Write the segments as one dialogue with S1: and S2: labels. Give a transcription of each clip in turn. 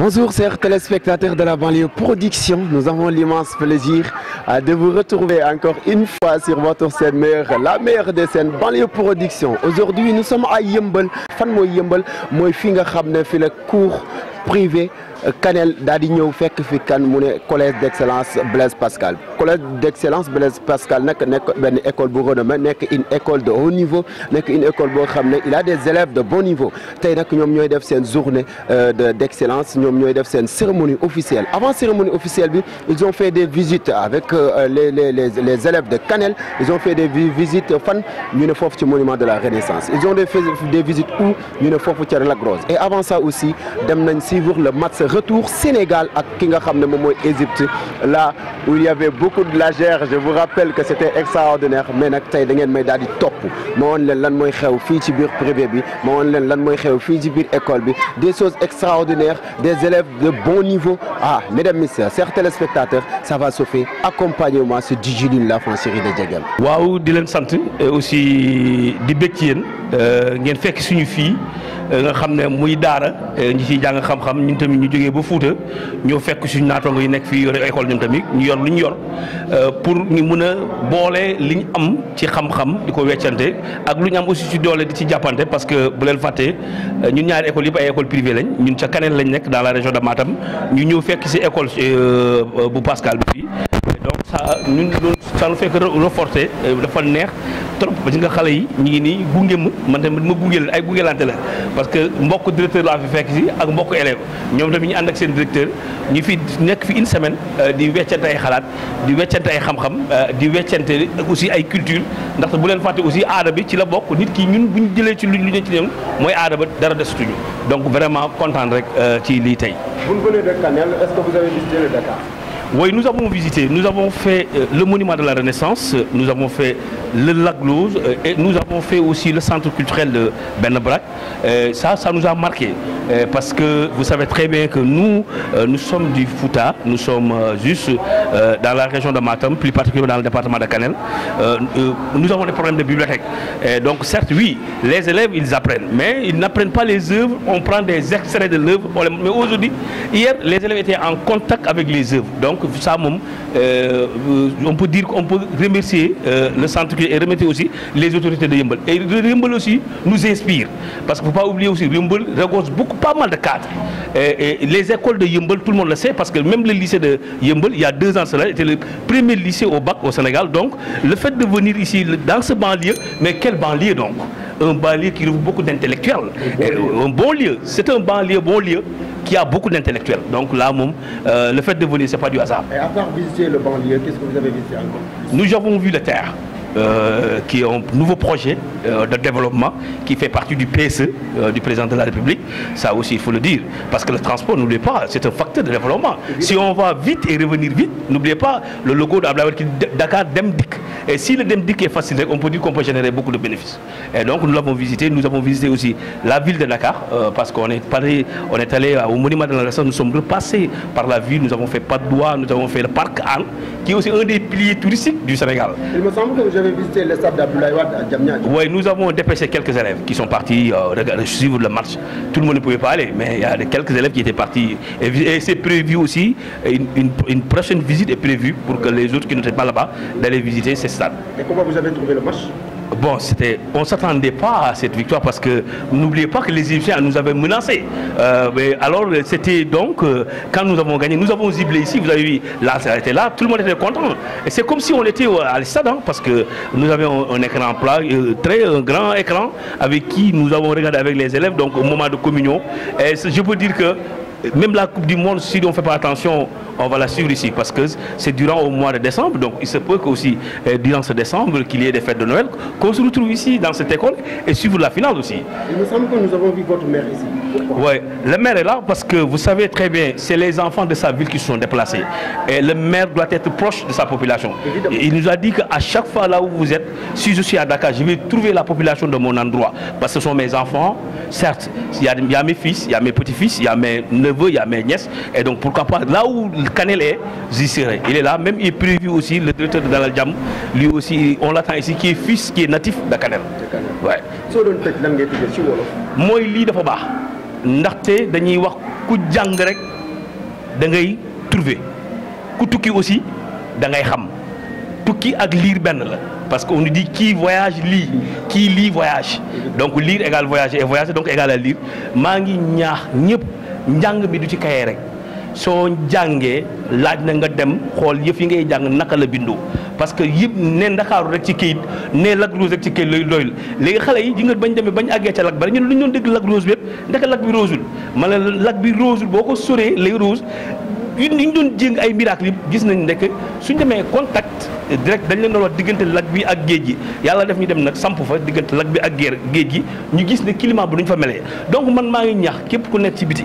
S1: Bonjour chers téléspectateurs de la banlieue production, nous avons l'immense plaisir euh, de vous retrouver encore une fois sur votre scène mère, la mère des scènes banlieue production. Aujourd'hui nous sommes à Yembel, fan mooy Yembel moi fi nga Canel daal fait fekk fi collège d'excellence Blaise Pascal collège d'excellence Blaise Pascal n'est école une école de haut niveau une école il a des élèves de bon niveau tay une journée euh, d'excellence, une cérémonie officielle avant cérémonie officielle ils ont fait des visites avec euh, les élèves de Canel. ils ont fait des visites fan ñu ne monument de la Renaissance ils ont fait des visites où ñu ne foofu la la et avant ça aussi dem nañ suivre le match retour Sénégal à Kingaham de Égypte, là où il y avait beaucoup de lagères. Je vous rappelle que c'était extraordinaire, mais nous avons top. Nous avons école. Des choses extraordinaires, des élèves de bon niveau. Ah, mesdames, messieurs, certains téléspectateurs, ça va se faire. Accompagnement, ce
S2: là la une série de Djagam. Waouh, Dylan Santu, aussi, des Bétiennes, euh, qui fait signifie. nga xam ne muy daara eh, ñi ciy jàng xam-xam ñun tamit ñu jógee ba Fuuta ñoo fekk suñu naataango yi nekk fii yore école ñun tamit ñu yor lu ñu yor eh, pour ñu mun a boole li ñu am ci xam-xam di ko weccante ak lu ñu am aussi ci doole di ci jàppante parce que bu leen fàttee eh, ñun ñaari école yëpp ay école privée lañ ñun ca Kanel lañ nekk dans la région de Matam ñu ñëw fekk si école bu Pascal bi fii saa ñun loolu ça nous fait que euh, dafa neex trop parce que nga xale yi ñu ngi nii gunge ma man tamit ma gunge leen ay gungelante la parce que mbokk directeur laa fi fekk si ak mbokk élève ñoom tamit ñu ànd ak seen directeur ñi fi nekk fi une semaine euh, di weccante ay xalaat di weccante ay xam-xam euh, di weccante ak aussi ay culture ndaxte bu leen fàtte aussi aada bi ci la bokk nit ki ñun bu ñu jëlee ci lu ñu ci ñoom mooy aada ba dara desatuñu donc vraiment kontaan rek ci lii tey.
S1: bu ñu venez de Kanel est-ce que
S2: Oui, nous avons visité, nous avons fait euh, le monument de la Renaissance, euh, nous avons fait le lac Lose euh, et nous avons fait aussi le centre culturel de Benabrak. ça, ça nous a marqué parce que vous savez très bien que nous, nous sommes du Fouta, nous sommes juste dans la région de Matam, plus particulièrement dans le département de Canel. nous avons des problèmes de bibliothèque. donc certes, oui, les élèves, ils apprennent, mais ils n'apprennent pas les œuvres, on prend des extraits de l'œuvre. Mais aujourd'hui, hier, les élèves étaient en contact avec les œuvres. Donc, donc ça euh, on peut dire qu'on peut remercier euh, le centre et remettre aussi les autorités de Yimbol. et Yeumbeul aussi nous inspire parce qu'il ne faut pas oublier aussi Yeumbeul regorge beaucoup pas mal de cadres et, les écoles de Yeumbeul tout le monde le sait parce que même le lycée de Yeumbeul il y a deux ans cela était le premier lycée au bac au Sénégal donc le fait de venir ici dans ce banlieue mais quel banlieue donc un banlieue qui a beaucoup d'intellectuels. Euh, un bon lieu. C'est un banlieue, bon lieu qui a beaucoup d'intellectuels. Donc là, euh, le fait de venir, ce n'est pas du hasard.
S1: Et à part visiter le banlieue, qu'est-ce que vous avez visité encore
S2: Nous avons vu la terre. Euh, qui ont un nouveau projet euh, de développement qui fait partie du PSE euh, du président de la République. Ça aussi, il faut le dire. Parce que le transport, n'oubliez pas, c'est un facteur de développement. Si on va vite et revenir vite, n'oubliez pas le logo de Dakar Demdik. Et si le Demdik est facile, on peut dire qu'on peut générer beaucoup de bénéfices. Et donc, nous l'avons visité. Nous avons visité aussi la ville de Dakar parce qu'on est, allé, on est allé au monument de la Nation. Nous sommes repassés par la ville. Nous avons fait Pas-de-Bois, nous avons fait le parc Anne, qui est aussi un des piliers touristiques du Sénégal.
S1: Il me semble que visiter le stade d'Abdoulaye à
S2: Oui, nous avons dépêché quelques élèves qui sont partis euh, euh, suivre le match. Tout le monde ne pouvait pas aller, mais il y a quelques élèves qui étaient partis. Et, c'est prévu aussi, une, prochaine visite est prévue pour que les autres qui n'étaient pas là-bas, d'aller visiter ces stades.
S1: Et comment vous avez trouvé le match
S2: bon, c'était, on ne s'attendait pas à cette victoire parce que n'oubliez pas que les Égyptiens nous avaient menacés. Euh, mais alors, c'était donc, euh, quand nous avons gagné, nous avons ziblé ici, vous avez vu, là, ça là, tout le monde était content. Et c'est comme si on était à l'estade, hein, parce que nous avions un, écran plat, euh, très grand écran, avec qui nous avons regardé avec les élèves, donc au moment de communion. Et je peux dire que même la Coupe du Monde, si on ne fait pas attention, on va la suivre ici parce que c'est durant au mois de décembre. Donc il se peut que aussi euh, durant ce décembre, qu'il y ait des fêtes de Noël, qu'on se retrouve ici dans cette école et suivre la finale aussi.
S1: Il me semble que nous avons vu votre mère ici.
S2: Oui, le maire est là parce que vous savez très bien, c'est les enfants de sa ville qui sont déplacés. Et le maire doit être proche de sa population. Il nous a dit qu'à chaque fois là où vous êtes, si je suis à Dakar, je vais trouver la population de mon endroit. Parce que ce sont mes enfants, certes, il y, a, mes fils, il y a mes petits-fils, il y a mes neveux, il y a mes nièces. Et donc pourquoi pas, là où le Canel est, j'y serai. Il est là, même il est prévu aussi, le directeur de Dalal lui aussi, on l'attend ici, qui est fils, qui est natif de Canel. Ouais. ndaxte dañuy wax ku jàng rek da ngay trouver ku tukki aussi da ngay xam tukki ak liir benn la parce que on nous dit qui voyage lii qui lit voyage donc lire égale voyage et voyager donc égale à lire maa ngi ñaax ñëpp njàng mi du ci kaye rek soo jàngee laaj na nga dem xool yëf yi ngay jàng naka la bindu parce que yëpp ne Ndakaaru rek ci kayit ne Lac Rose rek ci kayit lay doyul léegi xale yi ji nga bañ demee bañ àggee ca Lac bari ñun lu ñu doon dégg Lac Rose ma ne Lac bi rosul boo ko soree lay rose yu ñu doon jéng ay miracle yi gis nañ nekk suñ demee contact direct dañ leen doon wax diggante Lac bi ak géej gi yàlla def ñu dem nag samp fa diggante Lac bi ak géej gi ñu gis ne climat bi ñu fa melee donc man maa ngi ñax képp ku nekk ci biti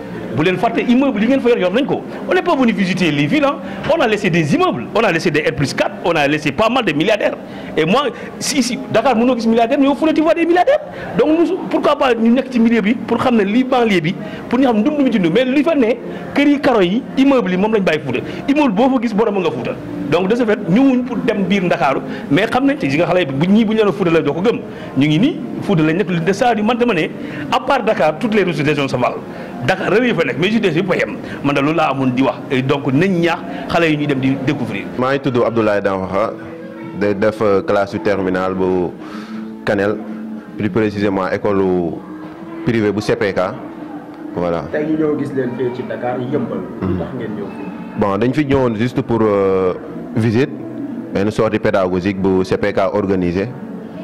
S2: bu leen fàtte immeuble yi ngeen fa yor yor nañ ko on n'est pas venu visiter les villes hein. on a laissé des immeubles on a laissé des R plus 4 on a laissé pas mal de milliardaires et moi si si Dakar mënoo gis milliardaires mais au fond tu vois des milliardaires donc nous pourquoi pas ñu nekk ci milieu bi pour xam ne lii banlieue bi pour ñu xam ne dund dund mais li fa ne kër yi karo yi immeuble yi moom lañ bàyyi Fuuta immeuble boo fa gis borom nga Fuuta donc de ce fait nous pour dem biir Ndakaaru mais xam nañ te que nga xale bu ñii bu ñu leen Fuuta la doo ko gëm ñu ngi nii Fuuta lañ de man dama à part Dakar toutes les ressources régions se valent Dakar réew yi fa nek mais juste yëpp a yem man da loolu laa amoon di wax donc nañ ñaax xalé yi ñu dem di découvrir
S3: maa ngi tudd Abdoulaye Danwaxa day def classe yu terminale bu canel plus précisément école privée bu CPK voilà.
S1: tay ñu ñëw gis leen fi ci Dakar yëmbal. Mm-hmm. tax ngeen ñëw fii.
S3: bon dañ fi ñëwoon juste pour euh, visite ben sortie pédagogique bu CPK organisé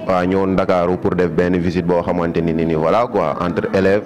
S3: wa ñëwoon Dakar pour def ben visite bo xamanteni ni ni voilà quoi entre élèves.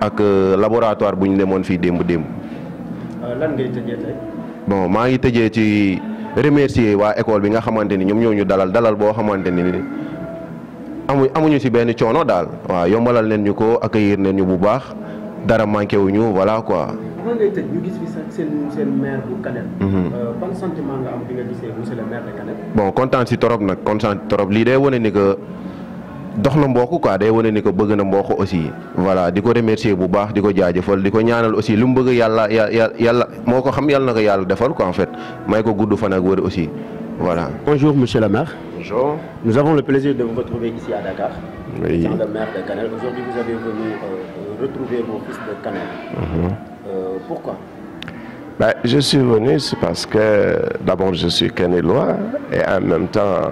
S3: ak euh, laboratoire bu ñu demoon fii démb démb. Euh, bon maa ngi tëjee ci remercier waa école bi nga xamante ni ñoom ñoo ñu dalal dalal boo xamante ni amu amuñu ci benn coono daal waa yombalal leen ñu ko accueillir leen ñu bu baax dara manqué wu ñu voilà mhm. euh, bon kontaan ci torop nag kontaan ci torop lii day wane ni que. dox na quoi day wane ni ko bëgg na mbokk aussi voilà diko remercier bu baax diko ko diko ñaanal aussi lu mbëgg yalla yalla moko xam yalla na yalla yàlla defal quoi en fait may ko gudd fan ak wër aussi voilà. bonjour monsieur le maire.
S1: bonjour. nous avons le plaisir de vous retrouver ici à Dakar. oui dans le maire de Kanel aujourd'hui vous avez venu euh, euh retrouver mon fils de Kanel. Mm-hmm. euh, pourquoi.
S4: Ben, je suis venu c'est parce que d'abord je suis Kanelois et en même temps.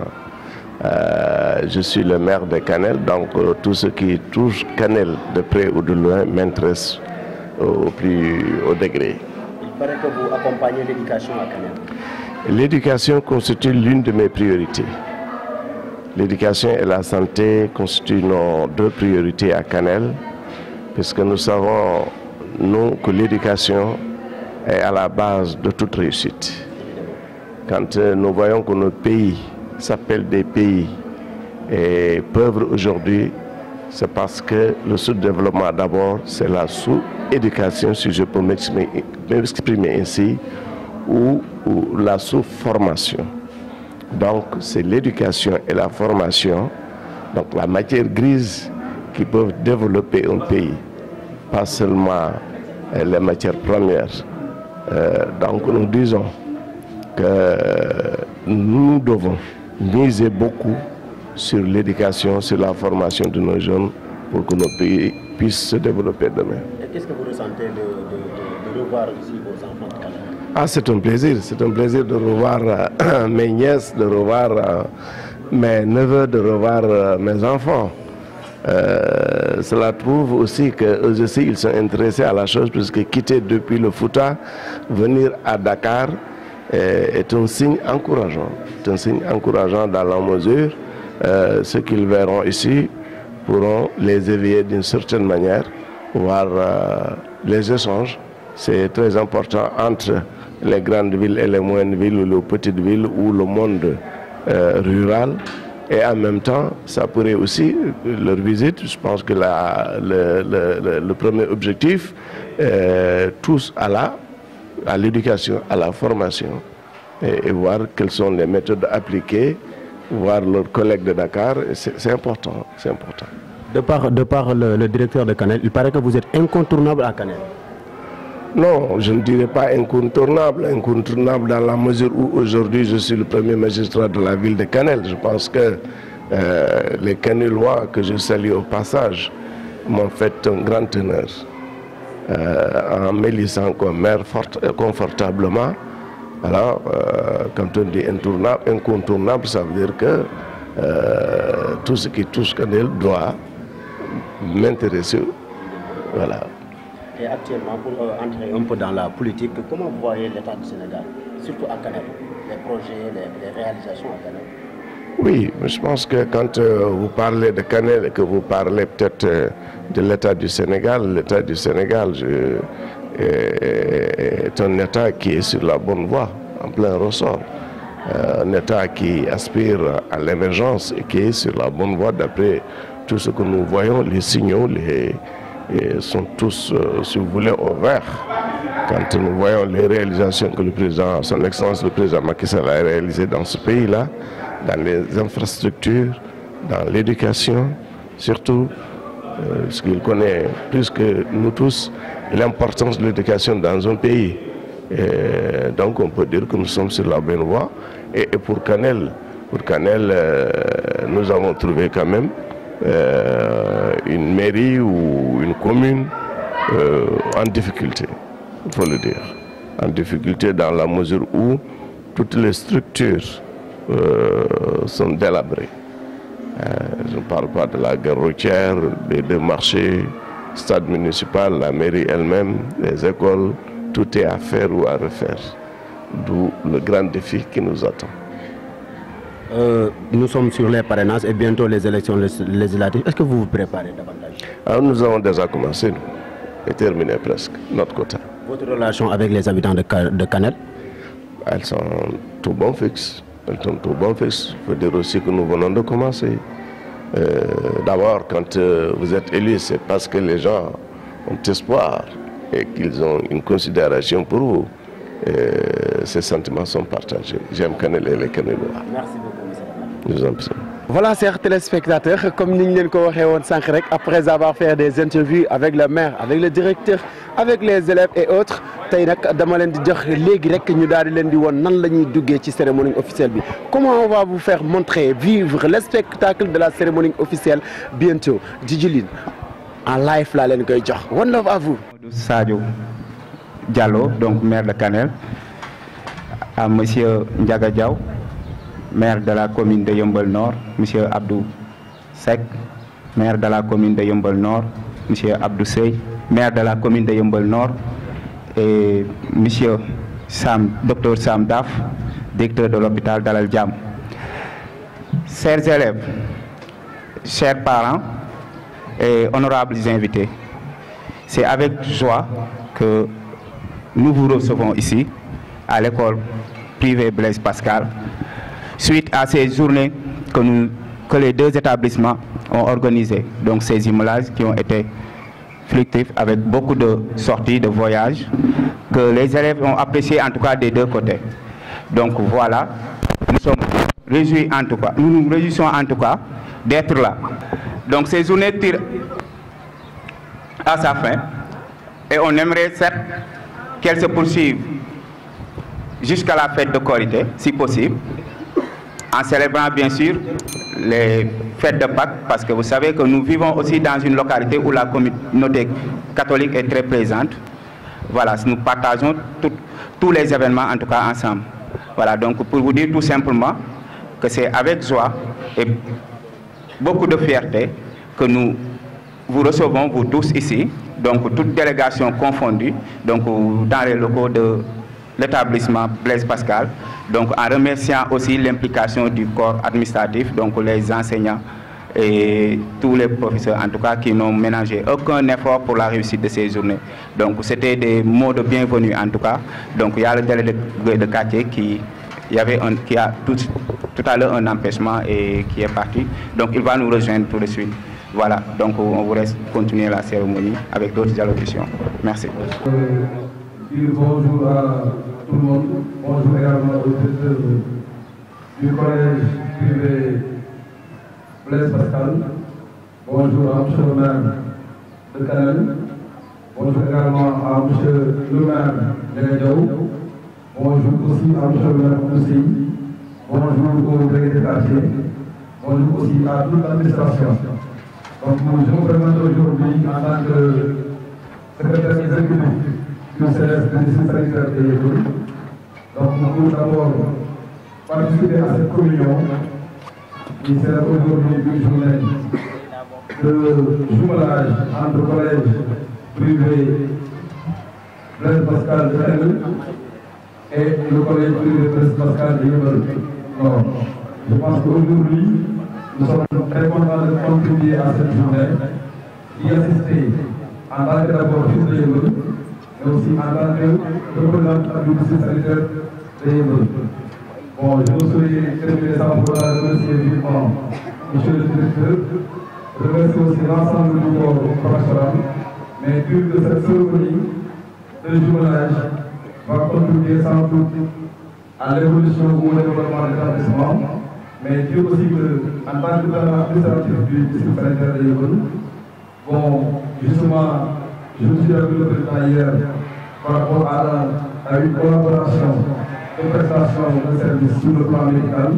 S4: Euh, je suis le maire de Canel, donc euh, tout ce qui touche Canel de près ou de loin m'intéresse au, plus haut degré.
S1: Il paraît que vous accompagnez l'éducation à
S4: L'éducation constitue l'une de mes priorités. L'éducation et la santé constituent nos deux priorités à Canel, puisque nous savons, nous, que l'éducation est à la base de toute réussite. Quand euh, nous voyons que nos pays s'appellent des pays et eh, pauvres aujourd'hui, c'est parce que le sous-développement d'abord, c'est la sous-éducation, si je peux m'exprimer ainsi, ou, la sous-formation. Donc c'est l'éducation et la formation, donc la matière grise qui peuvent développer un pays, pas seulement eh, les matières premières. Euh, donc nous disons que nous devons miser beaucoup sur l'éducation, sur la formation de nos jeunes pour que nos pays puissent se développer demain.
S1: Qu'est-ce que vous ressentez de, revoir ici vos enfants
S4: ah, c'est un plaisir, c'est un plaisir de revoir euh, mes nièces, de revoir euh, mes neveux, de revoir euh, mes enfants. cela prouve aussi qu'eux aussi, ils sont intéressés à la chose, puisque quitter depuis le Fouta, venir à Dakar, est, un signe encourageant. C'est un signe encourageant dans la mesure euh, ce qu'ils verront ici pourront les éveiller d'une certaine manière, voir euh, les échanges. C'est très important entre les grandes villes et les moyennes villes ou les petites villes ou le monde euh, rural. Et en même temps, ça pourrait aussi, leur visite, je pense que le, le, premier objectif, tous à la à l'éducation, à la formation, et, voir quelles sont les méthodes appliquées, voir leurs collègues de Dakar. C'est important, c'est important. De par, de par le,
S1: directeur de Canel, il paraît que vous êtes incontournable à Cannelle.
S4: Non, je ne dirais pas incontournable. Incontournable dans la mesure où aujourd'hui je suis le premier magistrat de la ville de Canel. Je pense que euh, les Canelois, que je salue au passage, m'ont fait un grand honneur. Euh, en mélissant comme maire euh, confortablement. Alors, euh, quand on dit incontournable, ça veut dire que tout ce qui touche Canel doit m'intéresser. Voilà.
S1: Et actuellement, pour entrer un peu dans la politique, comment vous voyez l'état du Sénégal, surtout à Canel, les projets, les, réalisations à Canel
S4: oui, je pense que quand euh, vous parlez de Canel et que vous parlez peut-être euh, de l'État du Sénégal, l'État du Sénégal je, est, un État qui est sur la bonne voie, en plein ressort. Euh, un État qui aspire à l'émergence et qui est sur la bonne voie d'après tout ce que nous voyons, les signaux sont tous, si vous voulez, au vert. Quand nous voyons les réalisations que le président, son excellence le président Macky Sall a réalisées dans ce pays-là, dans les infrastructures, dans l'éducation, surtout euh, ce qu'il connaît plus que nous tous, l'importance de l'éducation dans un pays. donc on peut dire que nous sommes sur la bonne voie. Et, pour Canel, pour Canel euh, nous avons trouvé quand même euh, une mairie ou une commune en difficulté, il faut le dire. En difficulté dans la mesure où toutes les structures euh, sont délabrés. Euh, je ne parle pas de la guerre routière, des marchés, stade municipal, la mairie elle-même, les écoles, tout est à faire ou à refaire. D'où le grand défi qui nous attend.
S1: Euh, nous sommes sur les parrainages et bientôt les élections législatives. Est-ce que vous vous préparez davantage
S4: ah, nous avons déjà commencé nous, et terminé presque notre quota. Votre relation avec les habitants de, Canel ah, Elles sont tout bon fixes bon Il faut dire aussi que nous venons de commencer. Euh, d'abord, quand euh, vous êtes élu, c'est parce que les gens ont espoir et qu'ils ont une considération pour vous. ces sentiments sont partagés. J'aime Canel et les Canelois.
S1: Merci beaucoup,
S4: M. en
S1: voilà, chers téléspectateurs, comme nous l'avons dit, après avoir fait des interviews avec la maire, avec le directeur, avec les élèves et autres, aujourd'hui, je dama leen di jox rek ñu la cérémonie officielle comment on va vous faire montrer vivre le spectacle de la cérémonie officielle bientôt Djidji en live là, leen koy jox one love à vous. Sadio Diallo donc maire de
S5: Canel, à monsieur Ndiaga Diaw maire de la commune de Yombol Nord, M. Abdou Sek, maire de la commune de Yombol Nord, M. Abdou Sey, maire de la commune de Yombol Nord, et M. Sam, Dr Sam Daf, directeur de l'hôpital d'Alal Djam. Chers élèves, chers parents et honorables invités, c'est avec joie que nous vous recevons ici à l'école privée Blaise Pascal suite à ces journées que, les deux établissements ont organisées. Donc ces immolages qui ont été fructifs avec beaucoup de sorties, de voyages, que les élèves ont apprécié en tout cas des deux côtés. Donc voilà, nous sommes réjouis en tout cas, nous nous réjouissons en tout cas d'être là. Donc ces journées tirent à sa fin et on aimerait certes qu'elles se poursuivent jusqu'à la fête de Corité, si possible, en célébrant bien sûr les fêtes de Pâques, parce que vous savez que nous vivons aussi dans une localité où la communauté catholique est très présente. Voilà, nous partageons tous les événements, en tout cas ensemble. Voilà, donc pour vous dire tout simplement que c'est avec joie et beaucoup de fierté que nous vous recevons, vous tous ici, donc toute délégation confondue, donc dans les locaux de l'établissement Blaise Pascal, donc en remerciant aussi l'implication du corps administratif, donc les enseignants et tous les professeurs en tout cas qui n'ont ménagé aucun effort pour la réussite de ces journées. Donc c'était des mots de bienvenue en tout cas. Donc il y a le délégué de, de quartier qui, y avait qui a tout, tout à l'heure un empêchement et qui est parti. Donc il va nous rejoindre tout de suite. Voilà, donc on vous laisse continuer la cérémonie avec d'autres allocutions. Merci
S6: bonjour à tout le monde. Bonjour également aux professeurs du collège privé Blaise Pascal. Bonjour à M. le maire de Canal. Bonjour également à M. le maire de Bonjour aussi à M. le maire Bonjour au délégué de quartier. Bonjour aussi à toute l'administration. Donc nous je vous aujourd'hui en tant que secrétaire exécutif du CES du sanitaire de Donc nous voulons d'abord participer à cette communion qui sert aujourd'hui une journée de jumelage entre collèges privé Blaise Pascal de et le collège privé Blaise Pascal de Donc, je pense qu'aujourd'hui, nous sommes très contents de continuer à cette journée, d'y assister à tant que d'abord fils de et aussi en tant que représentant du système sanitaire de Yémen. Bon, je vous souhaite très bien pour la remercier vivement, monsieur le directeur, Je remercie aussi l'ensemble du corps pastoral, mais une que cette cérémonie de journalage va contribuer sans doute à l'évolution ou au développement de l'établissement, mais Dieu aussi que, en tant que représentant du district sanitaire de Yémen bon, justement, je suis revenu d'ailleurs par rapport à, une collaboration une prestation de services sur le plan médical.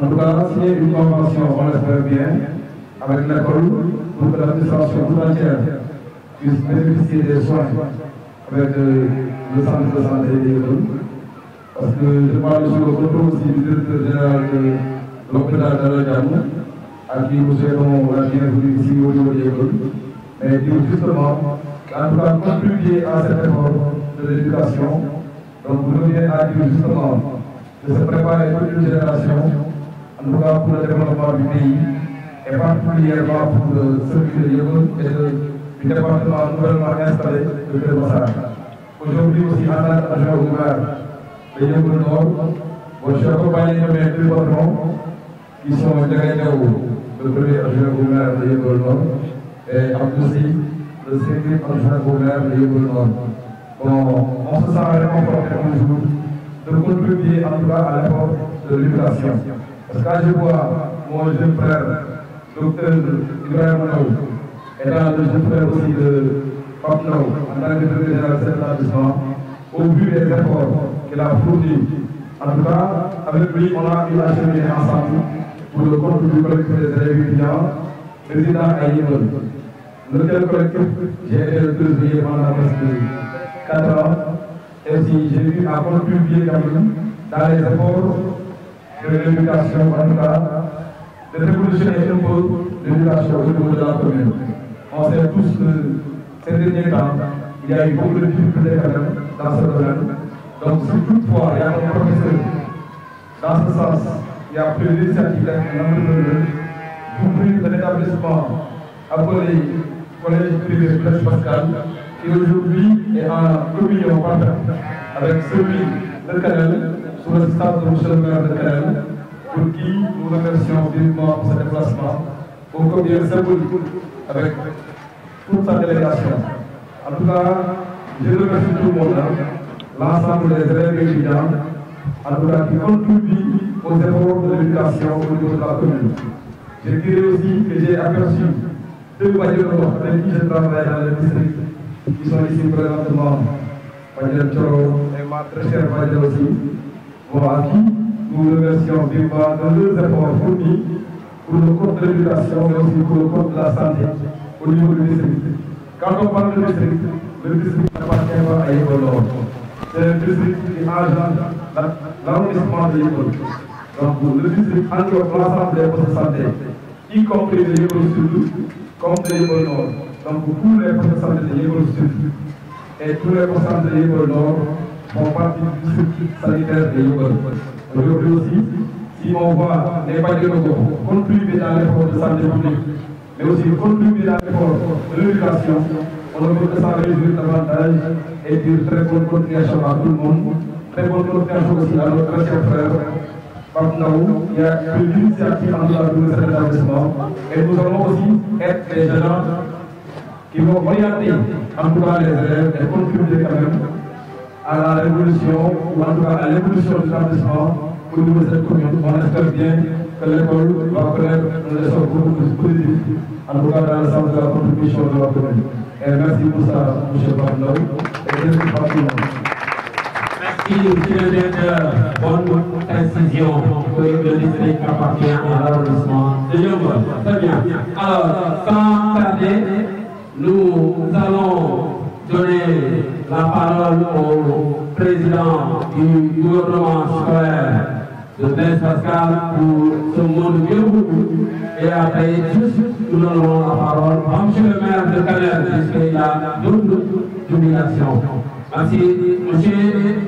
S6: On tout cas, signer une convention, on l'espère bien, avec l'école pour que l'administration tout entière puisse bénéficier des soins avec euh, le centre de santé des l'école. Parce que je parle sur le aussi du directeur général de l'hôpital de la Gamme, à qui nous souhaitons la bienvenue ici aujourd'hui Et puis justement, enfin contribuer à cette effort de l'éducation, donc nous venons justement de se préparer pour une génération, en tout cas pour le développement du pays, et particulièrement pour euh, celui de Yégon et du département nouvellement installé de Pérossar. Aujourd'hui aussi, en tant qu'agent gouvernement de Yégon Nord, je suis accompagné de mes deux patrons, qui sont directeurs le premier agent au gouvernement de et Nord, et Abdoussi, de le CD prochain Gobert et l'Ordre, Bon, on se sent vraiment porté un jour de contribuer en tout cas à l'effort de libération. Parce que quand je vois mon jeune frère, docteur Ibrahim Naou, et là le jeune frère aussi de Pape en tant que directeur général de cet établissement, au vu des efforts qu'il a fournis, en tout cas, avec lui, on a eu la cheminée ensemble pour le compte du collectif des élèves étudiants, président Aïe notre collectif, j'ai été le la pendant de 4 ans. Et si j'ai eu à même dans les efforts de l'éducation, en cas, de révolutionner un de l'éducation au niveau de la commune. On sait tous que ces derniers temps, il y a eu beaucoup de difficultés dans ce domaine. Donc, si toutefois il y a un professeur, dans ce sens, il y a plus pris l'initiative d'un entrepreneur plus un établissement appelé collège privé Blaise Pascal, qui aujourd'hui est en communion avec celui de Canel, sous stade de le Maire de Canel, pour qui nous remercions vivement pour ce déplacement, au combien symbolique, avec toute sa délégation. En tout cas, je remercie tout le monde, hein. l'ensemble des élèves et étudiants, en tout cas qui contribuent aux efforts de l'éducation au niveau de la commune. J'ai dirais aussi que j'ai aperçu deux voyageurs, avec qui je travaille dans le district qui sont ici présentement Badioro Thioro et ma très chère Badioro aussi vont à qui nous remercions vivement de leurs efforts fournis pour le compte de l'éducation mais aussi pour le compte de la santé au niveau du district quand on parle de district le district n'appartient pas à l'école. c'est un district qui dans l'arrondissement de l'école. donc le district entre l'ensemble des postes de santé y compris les sur surtout comme l'École Nord. Donc tous les responsables de Yégo Sud et tous les responsables de l'École Nord font partie du circuit sanitaire de Yégo. Aujourd'hui aussi, si on voit les de locaux contribuer dans l'effort de santé publique, mais aussi contribuer dans l'effort de l'éducation, on a besoin que s'en réjouir davantage et dire très bonne continuation à tout le monde, très bonne continuation aussi à notre très cher frère il y a plus initiative en dehors de cet établissement. Et nous allons aussi être les gens qui vont orienter, en tout cas les élèves, et contribuer quand même, à la révolution, ou en tout cas à l'évolution de l'établissement au niveau de cette commune. On espère bien que l'école va connaître un essor beaucoup plus positif, en tout cas dans le sens de la contribution de la commune. merci pour ça, M. Pablo, et merci pour le
S7: de bonne précision que le district appartient à l'arrondissement de Djokol. Très bien. Alors, sans tarder, nous allons donner la parole au président du gouvernement scolaire de Blaise Pascal pour ce monde vieux et après tous, nous donnerons la parole à M. le maire de Calais, puisqu'il a double domination. Merci, monsieur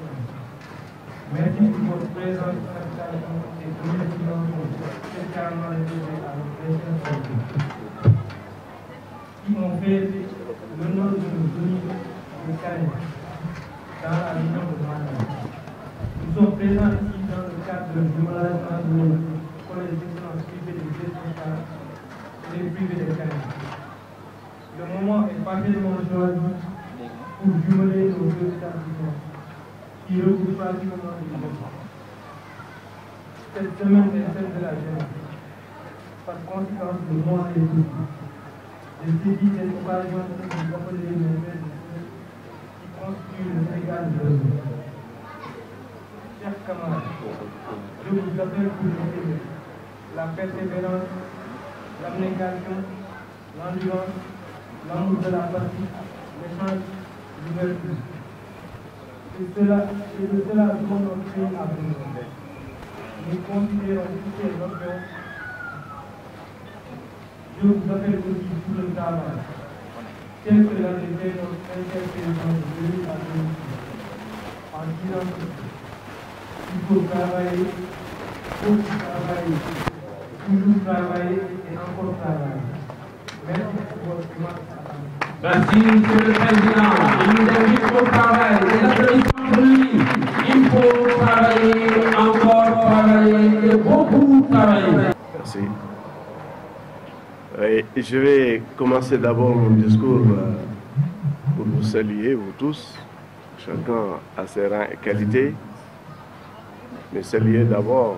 S8: Merci pour votre présence et pour le spécialement réservé à nos présidents qui ont fait l'honneur de nous donner le carré dans la région de Manal. Nous sommes présents ici dans le cadre du management de collège d'excellence privé des responsables et des privés des carrés. Le moment est parfaitement choisi pour jumeler nos deux établissements qui cette semaine est celle de la jeunesse. Par conséquent, de moi et vous, je saisis cette occasion pour vous proposer une qui constituent le régal de Chers camarades, je vous appelle pour aider. la persévérance, l'abnégation, l'endurance, l'amour de la patrie, l'échange, l'ouverture et de cela nous notre pays a besoin. Nous considérons que c'est notre Je vous appelle aussi pour le travail. Tel que l'a été notre interprétation de l'État à en disant que il faut travailler, faut travailler, toujours travailler et encore travailler. Merci pour votre
S7: Merci, Monsieur le Président. Il nous invite
S8: au travail il
S7: faut encore beaucoup travailler.
S4: Merci. je vais commencer d'abord mon discours euh, pour vous saluer, vous tous, chacun à ses rangs et qualités. Mais saluer d'abord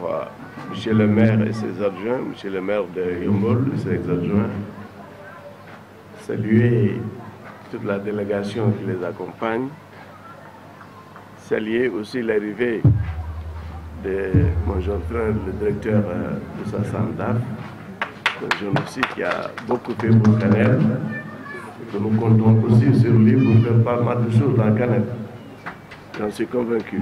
S4: euh, M. le maire et ses adjoints, M. le maire de Yombol et ses adjoints. Saluer toute la délégation qui les accompagne saluer aussi l'arrivée de mon jeune frère, le directeur de sa un jeune aussi qui a beaucoup fait pour Canel. Nous comptons aussi sur lui pour faire pas mal de choses dans Canel. J'en suis convaincu.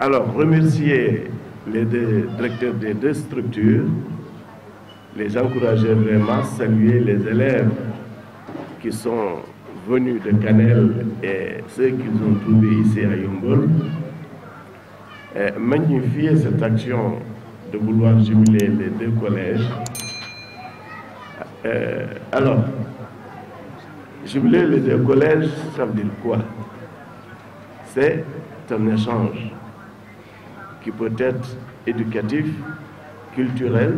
S4: Alors, remercier les deux directeurs des deux structures, les encourager vraiment, saluer les élèves qui sont venus de Canel et ceux qu'ils ont trouvés ici à Yombol euh, magnifier cette action de vouloir jumeler les deux collèges. Euh, alors, jumeler les deux collèges, ça veut dire quoi C'est un échange qui peut être éducatif, culturel,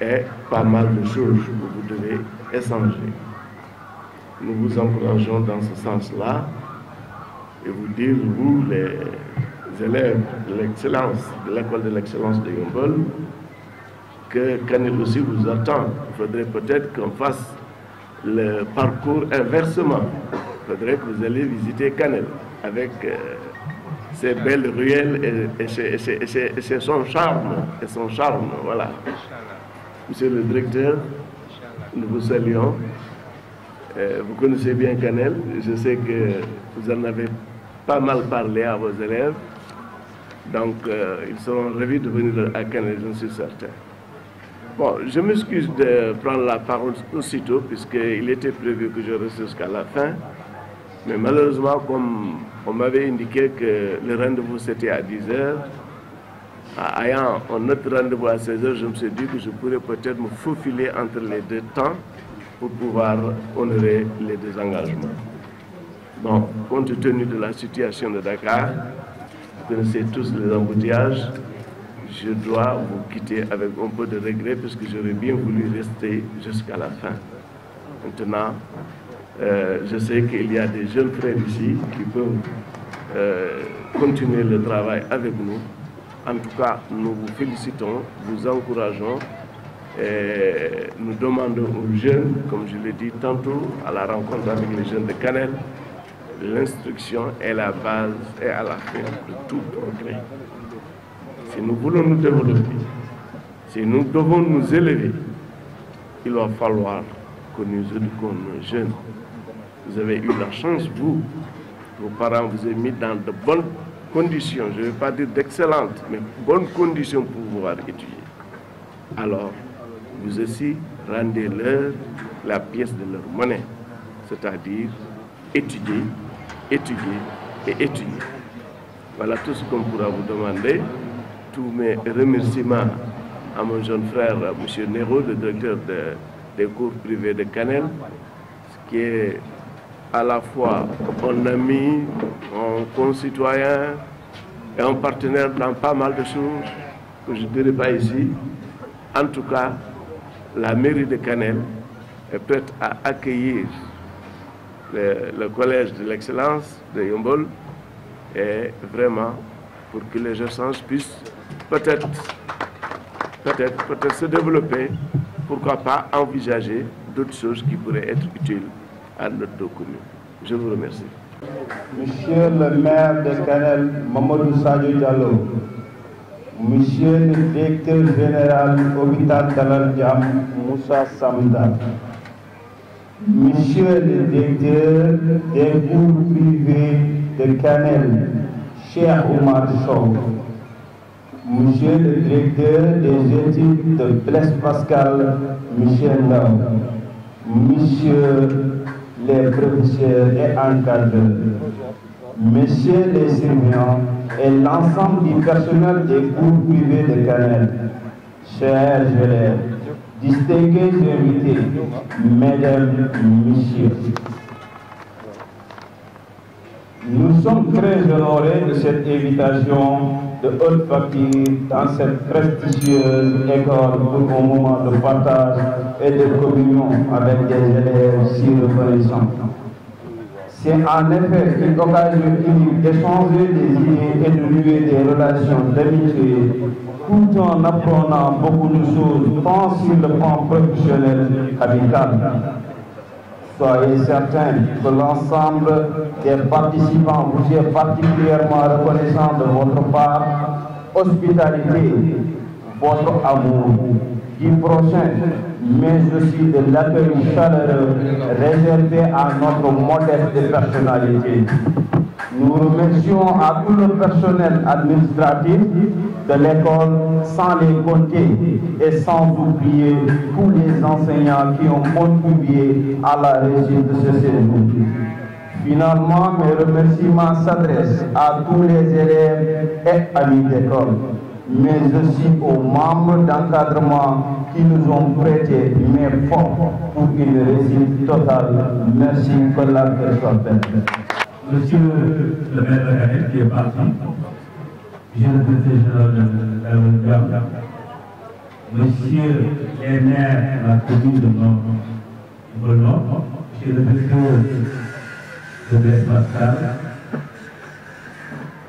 S4: et pas mal de choses que vous devez échanger. Nous vous encourageons dans ce sens-là et vous dire, vous, les élèves de l'excellence, de l'école de l'excellence de Yombol, que Canel aussi vous attend. Il faudrait peut-être qu'on fasse le parcours inversement. Il faudrait que vous alliez visiter Canel avec euh, ses belles ruelles et, son charme. Et son charme, voilà. Monsieur le directeur, nous vous saluons. Euh, vous connaissez bien Canel. Je sais que vous en avez pas mal parlé à vos élèves. Donc, euh, ils seront ravis de venir à Canel, j'en suis certain. Bon, je m'excuse de prendre la parole aussitôt, puisqu'il était prévu que je reste jusqu'à la fin. Mais malheureusement, comme on m'avait indiqué que le rendez-vous c'était à 10 heures, ah, ayant un autre rendez-vous à 16 h je me suis dit que je pourrais peut-être me faufiler entre les deux temps pour pouvoir honorer les deux engagements. Bon, compte tenu de la situation de Dakar, vous connaissez tous les embouteillages, je dois vous quitter avec un peu de regret que j'aurais bien voulu rester jusqu'à la fin. Maintenant, euh, je sais qu'il y a des jeunes frères ici qui peuvent euh, continuer le travail avec nous. En tout cas, nous vous félicitons, vous encourageons et euh, nous demandons aux jeunes, comme je l'ai dit tantôt, à la rencontre avec les jeunes de Canel, l'instruction est la base et à la fin de tout progrès. Si nous voulons nous développer, si nous devons nous élever, il va falloir que nous éduquions nos jeunes. Vous avez eu la chance, vous, vos parents vous avez mis dans de bonnes conditions, je ne veux pas dire d'excellentes, mais bonnes conditions pour pouvoir étudier. Alors, vous aussi, rendez-leur la pièce de leur monnaie, c'est-à-dire étudier, étudier et étudier. Voilà tout ce qu'on pourra vous demander. Tous mes remerciements à mon jeune frère, M. Nero, le directeur des cours privés de Canel, qui est à la fois un ami, un concitoyen et un partenaire dans pas mal de choses que je ne dirai pas ici. En tout cas, la mairie de Canel est prête à accueillir le, collège de l'excellence de Yombol et vraiment pour que les échanges puissent peut-être peut-être se développer, pourquoi pas envisager d'autres choses qui pourraient être utiles à Je vous remercie.
S9: Monsieur le maire de Canel, Mamadou Sadio Diallo, Monsieur le directeur général Hôpital Dalal Moussa Samda,
S10: Monsieur
S9: le directeur des groupes privés de Canel, Cher Omar Sow, Monsieur le directeur des études de Blaise Pascal, Michel Lam, Monsieur des professeurs et encadreurs, messieurs les surveillants et l'ensemble du personnel des cours privés de Canel, chers élèves, distingués invités, mesdames, messieurs. Nous sommes très honorés de cette invitation de haute famille dans cette prestigieuse école pour un moment de partage et de communion avec des élèves si reconnaissants. C'est en effet une occasion unique d'échanger des idées et de nouer des relations d'amitié tout en apprenant beaucoup de choses tant sur le plan professionnel amical. Soyez certains que l'ensemble des participants vous est particulièrement reconnaissant de votre part, hospitalité, votre amour du prochain, mais aussi de l'appel chaleureux réservé à notre modeste personnalité. Nous remercions à tout le personnel administratif de l'école sans les compter et sans oublier tous les enseignants qui ont contribué à la réussite de ce séjour. Finalement, mes remerciements s'adressent à tous les élèves et amis d'école, mais aussi aux membres d'encadrement qui nous ont prêté mes fonds pour une réussite totale. Merci pour la personne. Monsieur le
S11: qui Monsieur le président de la Monsieur le maire de la commune de nom, Monsieur le président de la République,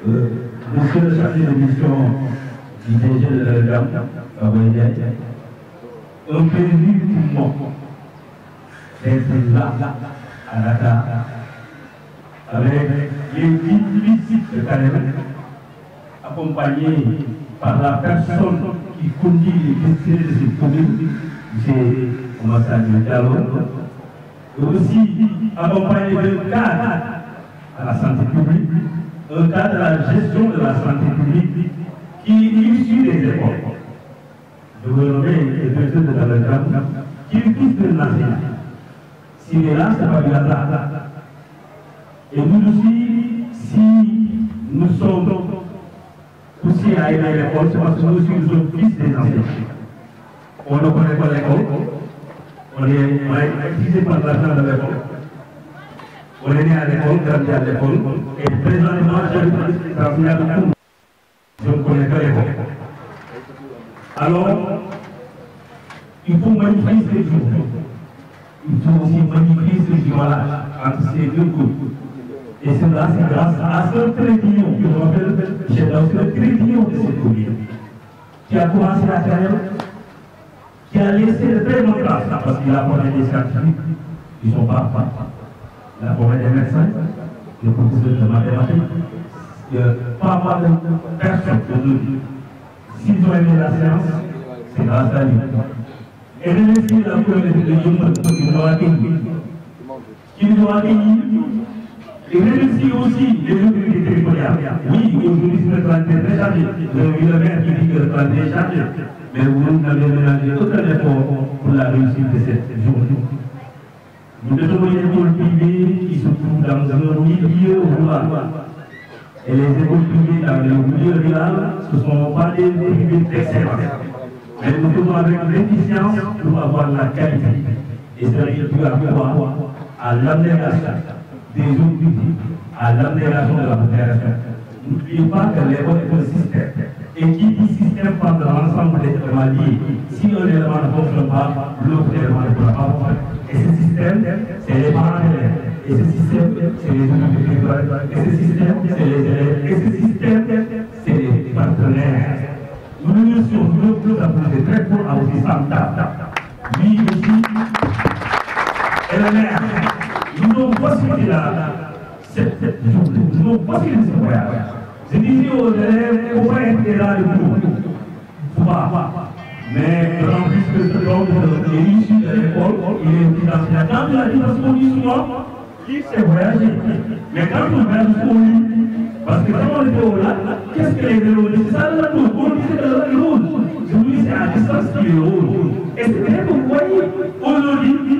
S11: euh, Monsieur le chargé de mission du DG de la Gamme, un plaisir pour moi d'être là, à Dakar, avec les 8 visites de Calémène accompagné par la personne qui conduit les questions de cette commune, j'ai commencé à et aussi accompagné d'un cadre à la santé publique, un cadre à la gestion de la santé publique qui issue des époques. Je vous nommer les personnes de la grande qui puissent le national. Si les là, c'est pas bien Et nous aussi,
S8: si
S11: nous sommes aussi à aller à l'école, c'est parce que nous aussi nous sommes fils des enseignants. On ne connaît pas l'école, on est, on est utilisé par l'argent de l'école. On est né à l'école, grandi à l'école, et présentement je enseignants de tout. Je ne connais pas l'école. Alors, il faut magnifier ces jours. Il faut aussi magnifier ces jour-là entre ces deux groupes. Et cela, c'est grâce à ce crédillon, je me rappelle, j'ai lancé le crédillon de cette commune, qui a commencé la carrière, qui a laissé le père dans le place, parce qu'il a formé des scientifiques, ils sont pas enfants, il a formé des médecins, des professeurs de mathématiques, euh, pas mal de personnes de S'ils ont aimé la science, c'est grâce à lui. Et même si la commune de Dieu, ils l'ont qui ils ont accueilli, et remercier aussi les autorités territoriales. Oui, aujourd'hui, c'est le 31 chargé. Vous avez vu le maire qui dit que le 31 est Mais vous n'avez ménagé aucun effort pour la réussite de cette journée. Nous devons les écoles privées qui se trouvent dans un milieu rural. Et les écoles privées dans le milieu rural, ce ne sont pas des privés d'excellence. Mais nous devons avec réticence pour avoir la qualité. Et ça avoir à quoi À l'abnégation des publiques à l'intégration de la population. N'oubliez pas que l'école est un système. Et qui dit système parle de l'ensemble des éléments liés. Si un élément ne fonctionne pas, l'autre élément ne pourra pas fonctionner. Et ce système, c'est les parents Et ce système, c'est les individuels. Et ce système, c'est les élèves. Et ce système, c'est les partenaires. Nous, sur sommes, nous avons très bons à vous Lui aussi, et le maire. Nous voici là, cette journée. Nous voici les aux élèves, au là le jour. Mais en plus que homme est de l'école, il est Quand il a dit il s'est voyagé. Mais quand on parce que quand on est au qu'est-ce que les C'est ça la On vous à distance Et c'est que vous aujourd'hui,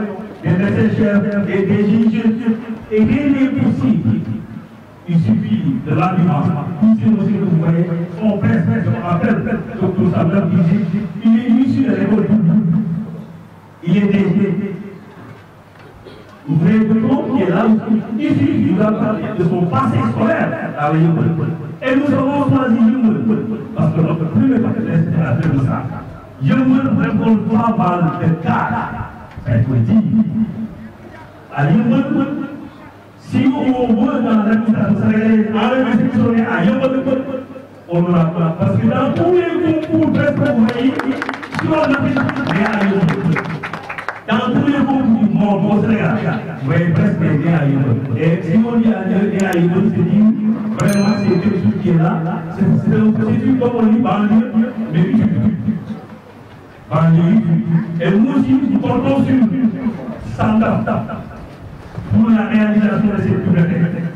S11: protégeur et des juges et rien n'est possible. Il suffit de l'argument. Ici, aussi, vous voyez, on presse, on appelle Dr. Samuel Bizi. Il est issu de l'école Il est dédié. Vous voyez le qui est là Il suffit de parler de son passé scolaire
S2: à Yumul. Et
S11: nous avons choisi Yumul. Parce que notre premier partenaire, c'est la Fémoussa. Yumul répond pas par le cadre. Ça veut dire ayyukan CEO wanda na kusa sarari arewacin sauri a yau wani ọ̀rọ̀ àgbà pàṣípà fún eégún fún bẹ́sẹ̀ wáyé tí wọ́n lọ fi ní ayé wọn. Dàgbọ́n eégún fún mọ ọmọ sẹ́yà wẹ̀ bẹ́sẹ̀ ní ayé wọn. Ẹ tí wọ́n ní ayé ní ayé wọn ti ní wẹ́n wá sí ètò ìṣú kìlá ṣèṣe ṣe fi gbọ́mọ ní bàálù méjì bàálù yìí ẹ̀mú sí ìtọ́jú sí sàǹdà. pour la réalisation de cette bibliothèque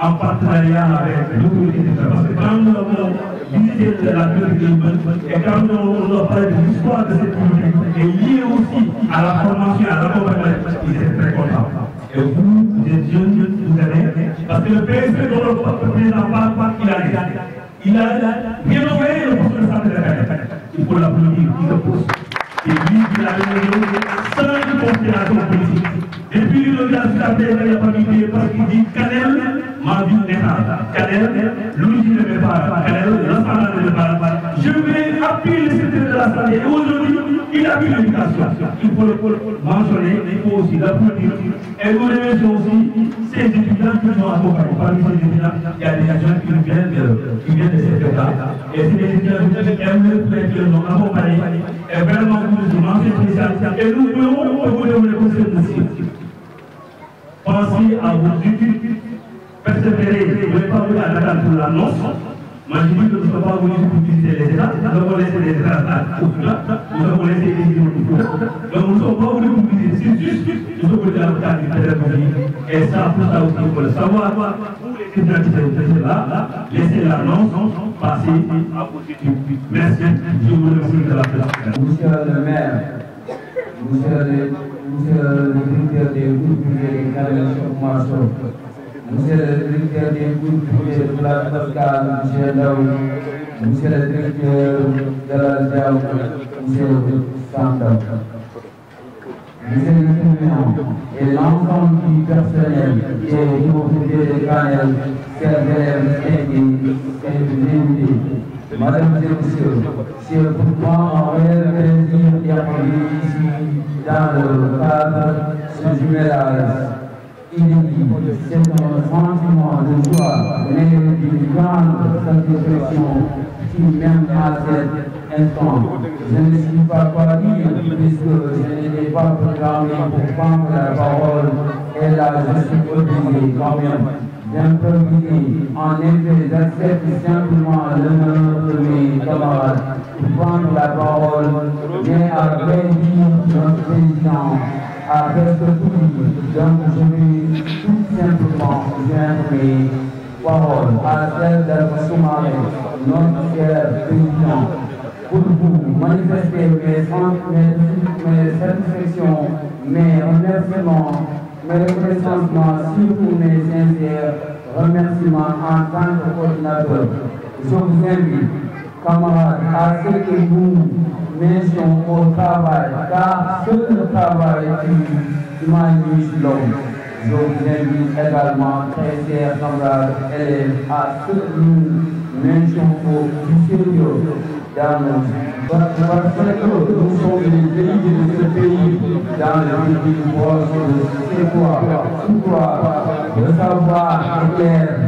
S11: en partenariat avec public. Parce que quand nous avons visité la bibliothèque et quand nous avons parlé de l'histoire de cette bibliothèque et lié aussi à la formation, à l'accompagnement, ils étaient très contents. Et vous, vous êtes jeunes, vous avez. parce que le PSP dans le président parle, il a Il a rénové le poste de santé de la Il faut l'applaudir, il le pousse. Et lui, il a rénové 5 considération politique depuis le gaz de la famille parce qu'il dit Canel m'a vie pas là. Canel, lui ne me parle pas. Canel, l'ensemble ne me parle pas. Je vais appuyer le secteur de la santé. Et aujourd'hui, il a vu l'éducation. Il faut le mentionner, il faut aussi l'applaudir. Et vous devez aussi ces étudiants qui à accompagnent. Parmi ces étudiants, il y a des gens qui viennent de, qui viennent de cet état. Et ces étudiants qui aiment le fait que nous accompagnons. Et vraiment, nous sommes spécialistes. Et nous pouvons pensez à vous études, persévérez, vous n'avez pas vous attendre pour l'annonce. Moi, je dis que nous ne sommes pas venus pour visiter les États, nous avons laissé les États nous avons laissé les états, nous ne sommes pas venus pour visiter, c'est juste, nous sommes venus à du Et ça, pour ça aussi, il le savoir. Pour les états qui sont là, laissez l'annonce passer à vos
S7: Merci, je vous remercie de la place. monsieur le directeur des groupes privés Khalil Mansour, monsieur le directeur des groupes privés Black Pascal, monsieur Daoui, monsieur le directeur de la Diao, monsieur Sandam.
S8: Monsieur le président et l'ensemble du personnel et du comité de Canel, ses élèves et des invités. Mesdames
S7: et messieurs, c'est pour moi un réel plaisir d'être ici dans le cadre ce jumelage inédit. C'est un sentiment de joie, mais d'une grande satisfaction qui m'aime à cet instant. Je ne suis pas parti puisque je n'étais pas programmé pour prendre la parole et là je suis obligé quand même d'improviser en effet j'accepte simplement l'honneur de mes camarades pour prendre la parole mais à vrai notre président avec ce tout dit donc je vais tout simplement joindre mes paroles à celles d'Alpha Soumaré notre cher président pour vous manifester mes, mes satisfactions mes remerciements mes si surtout mes sincères remerciements en tant que coordinateur. Je vous invite, camarades, à ce que nous mettions au travail, car ce travail travail qui magnifique l'homme. Je vous invite également, très chers camarades élèves, à ce que nous mettions au sérieux dans nos que Nous sommes les pays de ce pays dans le monde du c'est quoi Pourquoi Le savoir éclaire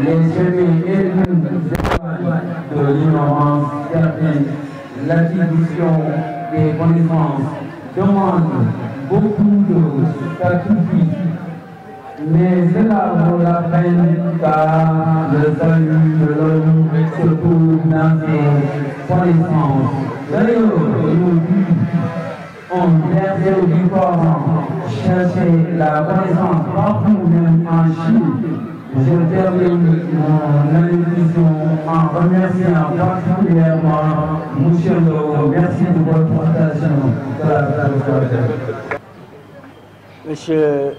S7: les chemins et nous de l'ignorance certaine. L'attribution des connaissances demande beaucoup de sacrifices, mais cela vaut la peine car le salut de l'homme se trouve dans ses connaissances. On vient du pouvoir, chercher la présence partout, même en Chine. Je termine mon émission en remerciant particulièrement Monsieur Lowe. Merci de votre prestation.
S12: Monsieur,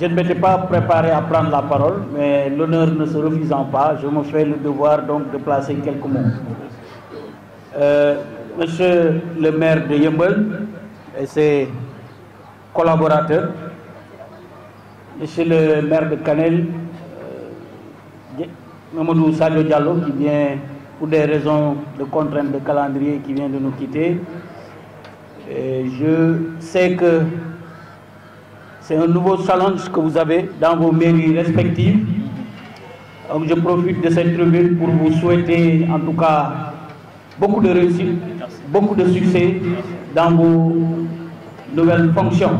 S12: je ne m'étais pas préparé à prendre la parole, mais l'honneur ne se refusant pas, je me fais le devoir donc de placer quelques mots. Euh, monsieur le maire de Yembel, et ses collaborateurs, Monsieur le maire de Canel, euh, Mamadou Sadio Diallo, qui vient pour des raisons de contraintes de calendrier, qui vient de nous quitter. je sais que c'est un nouveau challenge que vous avez dans vos mairies respectives. Donc je profite de cette revue pour vous souhaiter en tout cas beaucoup de réussite, beaucoup de succès dans vos nouvelles fonctions.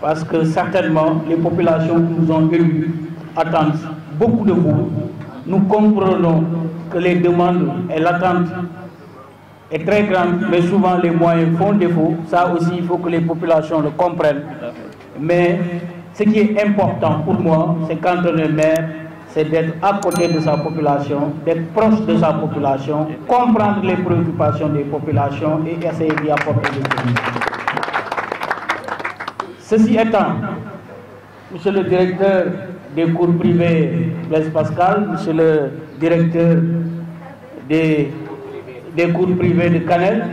S12: Parce que certainement, les populations qui nous ont élus attendent beaucoup de vous. Nous comprenons que les demandes et l'attente est très grande, mais souvent les moyens font défaut. Ça aussi, il faut que les populations le comprennent. Mais ce qui est important pour moi, c'est qu'entre les maires, c'est d'être à côté de sa population, d'être proche de sa population, comprendre les préoccupations des populations et essayer d'y apporter des solutions. Ceci étant, Monsieur le directeur des cours privés, Blaise Pascal, Monsieur le directeur des, cours privés de Canel,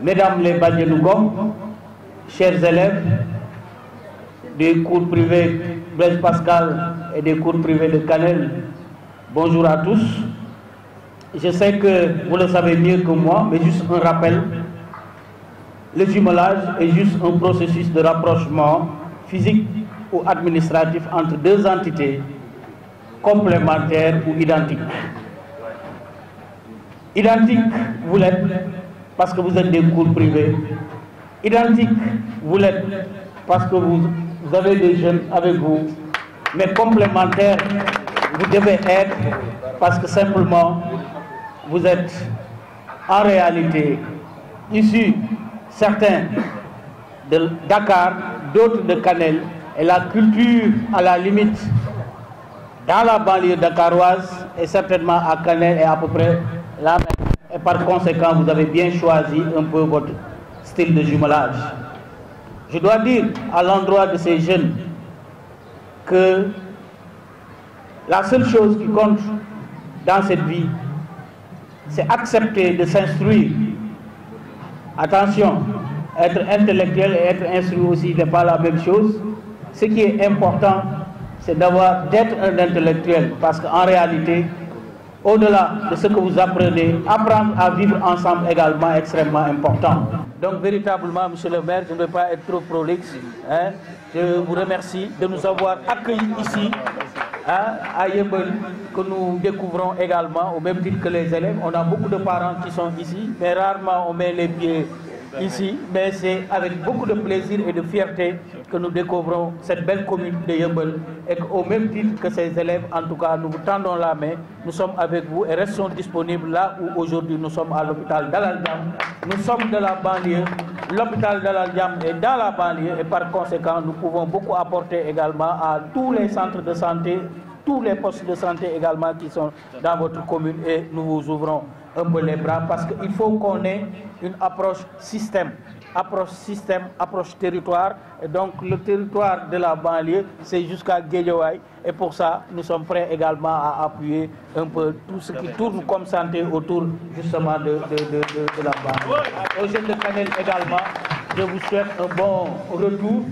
S12: Mesdames les Badjenougom, chers élèves des cours privés Blaise Pascal et des cours privés de Canel. Bonjour à tous. Je sais que vous le savez mieux que moi, mais juste un rappel. Le jumelage est juste un processus de rapprochement physique ou administratif entre deux entités complémentaires ou identiques. Identique vous l'êtes parce que vous êtes des cours privés. Identique vous l'êtes parce que vous avez des jeunes avec vous mais complémentaire, vous devez être, parce que simplement, vous êtes en réalité issus, certains de Dakar, d'autres de Canel, et la culture à la limite dans la banlieue dakaroise et certainement à Canel est à peu près la même. Et par conséquent, vous avez bien choisi un peu votre style de jumelage. Je dois dire à l'endroit de ces jeunes que la seule chose qui compte dans cette vie, c'est accepter de s'instruire. Attention, être intellectuel et être instruit aussi n'est pas la même chose. Ce qui est important, c'est d'avoir d'être un intellectuel, parce qu'en réalité, au-delà de ce que vous apprenez, apprendre à vivre ensemble également extrêmement important. Donc véritablement, Monsieur le maire, je ne veux pas être trop prolixe. Hein je vous remercie de nous avoir accueillis ici hein, à Yébel, que nous découvrons également, au même titre que les élèves. On a beaucoup de parents qui sont ici, mais rarement on met les pieds ici, mais c'est avec beaucoup de plaisir et de fierté que nous découvrons cette belle commune de Yembel. Et au même titre que ces élèves, en tout cas, nous vous tendons la main. Nous sommes avec vous et restons disponibles là où aujourd'hui nous sommes à l'hôpital d'Alaldam. Nous sommes de la banlieue. L'hôpital d'Alaldam est dans la banlieue et par conséquent, nous pouvons beaucoup apporter également à tous les centres de santé tous les postes de santé également qui sont dans votre commune et nous vous ouvrons peu les bras parce qu'il faut qu'on ait une approche système approche système approche territoire et donc le territoire de la banlieue c'est jusqu'à Guédiawaye et pour ça nous sommes prêts également à appuyer un peu tout ce qui tourne comme santé autour justement de de de la banlieue Au jeune de Canel également je vous souhaite un bon retour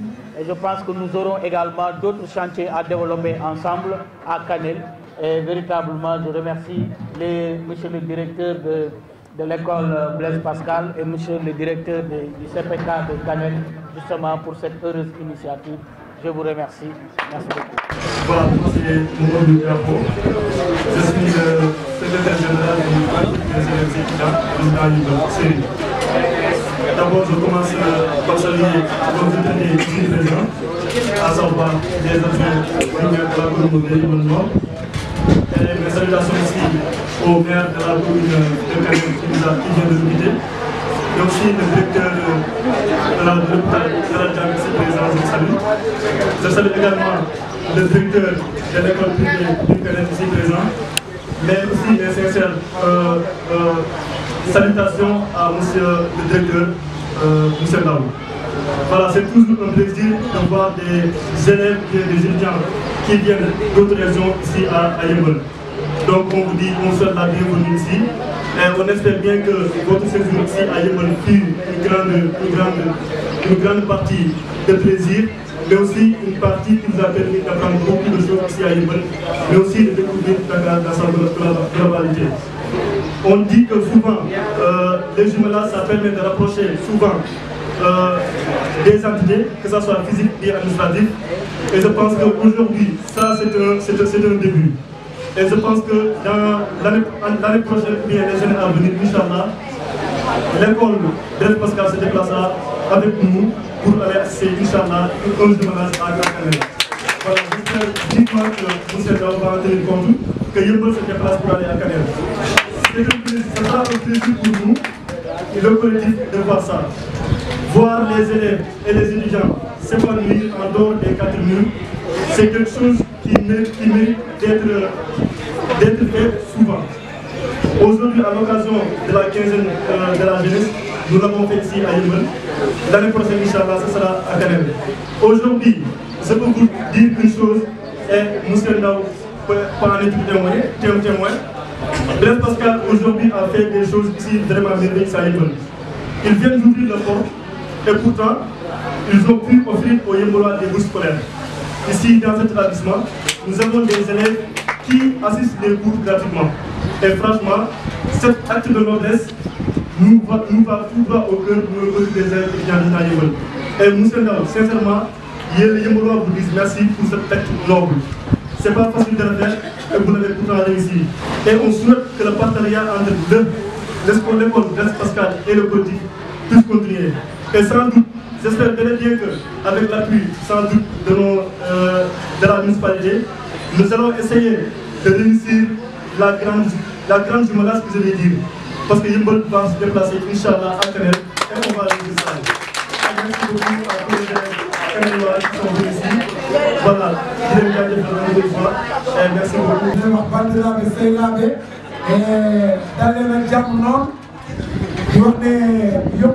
S12: et je pense que nous aurons également d'autres chantiers à développer ensemble à Canel et véritablement, je remercie les, monsieur le directeur de, de l'école Blaise Pascal et monsieur le directeur de, du CPK de Canel, justement pour cette heureuse initiative. Je vous remercie. Merci beaucoup.
S10: Voilà, c'est Mourou Diapo. Je suis le secrétaire général du des élèves étudiants D'abord, je commence euh, par saluer, comme vous tenez, présent, à savoir les affaires de la commune de Nord salutations aussi au maire de la commune de Cameroun qui, vient de nous quitter. Et aussi le directeur de la de la est présent, je salue. Je salue également le directeur de l'école privée du ici présent. Mais aussi l'essentiel, euh, euh, salutations à monsieur le directeur, euh, monsieur Daou. Voilà, c'est toujours un plaisir de voir des élèves, des étudiants qui viennent d'autres régions ici à, à donc on vous dit, on souhaite la bienvenue ici. Et on espère bien que votre séjour ici à Yemen fut une grande, partie de plaisir, mais aussi une partie qui vous a permis d'apprendre beaucoup de choses ici à Yemen, mais aussi de découvrir l'ensemble de la globalité. On dit que souvent, euh, les jumelages, ça permet de rapprocher souvent euh, des entités, que ce soit physique et administratif Et je pense qu'aujourd'hui, ça c'est un début. Et je pense que dans l'année prochaine, bien les jeunes à venir, Inch'Allah, l'école de Pascal se déplacera avec nous pour aller assister, Inch'Allah, une cause de menace à la Voilà, dites-moi que vous êtes va tenir compte que Yembol se déplace pour aller à Canel. C'est un plaisir pour nous et le politique de voir ça. Voir les élèves et les étudiants s'épanouir en dehors des quatre murs, c'est quelque chose qui mérite, d'être fait souvent. Aujourd'hui, à l'occasion de la quinzaine euh, de la jeunesse, nous l'avons fait ici à Yemen. L'année prochaine, Inch'Allah, ce sera à Kanem. Aujourd'hui, je peux vous dire une chose, et parler Ndao peut en être témoin, témoin. Blaise Pascal, aujourd'hui, a fait des choses ici vraiment merveilleuses à Yemen. Ils viennent d'ouvrir le port, et pourtant, ils ont pu offrir aux Yémen des bourses scolaires. Ici, dans cet établissement, nous avons des élèves qui assistent les cours gratuitement. Et franchement, cet acte de noblesse nous va, nous tout droit au cœur de nos des élèves qui viennent de Et nous sommes sincèrement, les qui vous disent merci pour cet acte noble. Ce n'est pas facile de le faire et vous l'avez pourtant réussi. Et on souhaite que le partenariat entre l'école d'Est Pascal et le collectif puisse continuer. Et sans doute, J'espère très bien qu'avec l'appui sans doute de, nos, euh, de la municipalité, nous allons essayer de réussir la grande, la grande jumelage que je vais dire. Parce que Yimbol va se déplacer, Inch'Allah, à Canel, et on va réussir ça. Ah, merci beaucoup à tous les
S13: Canelois qui sont venus ici. Voilà, je vais regarder fois. merci beaucoup. Je m'appelle et d'aller les mêmes je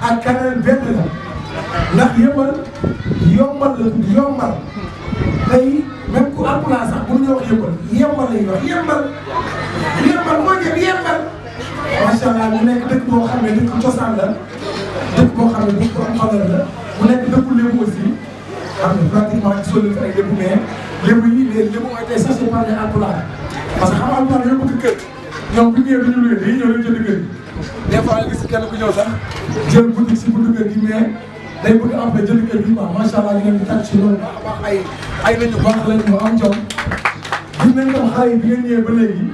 S13: ak kaneen benn la ndax yëmbal yombal la yombal tey même ku alpulaar sax bu ñu wax yëmbal yembal lay wax yembal yembal moo jëm yembal macha allah mu nekk dëkk boo xam ne dëkk cosaan la dëkk boo xam ne dëkk bu am xolal la mu nekk dëkku lébu aussi xam ne pratiquement gisoo leen ay lébu mais lébu yi léegi lébu mooy tey sachet par les alpulaar parce que xam nga alpulaar yëpp bëgg kër ñoom bu ñu ñëwee du ñu luwee dañuy ñëw rek jënd kër gi des fois nga gis kenn ku ñëw sax jël boutique si buntu kër gi mais day bëgg a après jënd kër gi quoi macha allah ñu ngeen di tàcc ci loolu baax a baax ay ay nañu baax lañu ñu am jom. gis nañ tam xale yi bi ngeen ñëwee ba léegi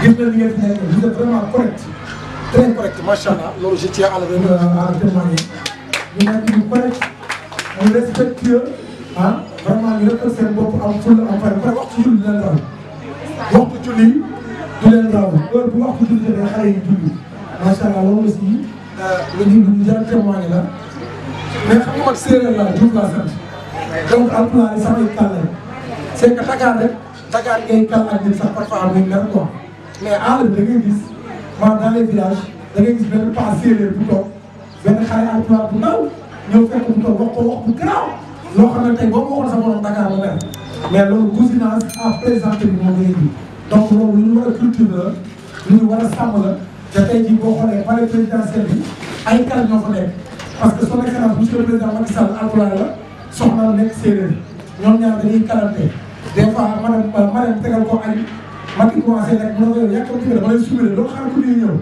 S13: gis nañ li ngeen fi nekk vous êtes vraiment correct très correct macha allah loolu je tiens à le euh, témoigner ñu nekk ñu correct ñu respectueux ah vraiment ñu respecté seen bopp am fulla am fayda ba pare waxtu julli dina la waxtu julli. du leen raw heure bu waxtu julli jotee xale yi julli macha allah loolu aussi nga ji lu jar témoigné la mais xam nga man séeréer laa Diouf laa sant donc alpulaar yi samay kàlla c' est que Dakar rek Dakar ngay kàlla sax parfois muy mer quoi mais àll bi da ngay gis maanaam dans les villages da ngay gis benn pas bu toog benn xale alpulaar bu bu toog wax ko wax bu garaaw loo xam ne tey boo ma waxoon sa borom Dakar la mer mais loolu cousinage moo koy donc loolu lu ñu war a culture la lu ñu war a sàmm la te tey jii boo xoolee palais a bi ay kàll ñoo fa nekk parce que son excellence monsieur le président Macky Sall alpulaar la soxna nekk séeréer ñoom ñaar dañuy kalante des fois madame euh, madame tegal ko añ Macky commencé nag mën na ko yow yàkkamti nga ma lay subir loolu xaar ku ñuy ñëw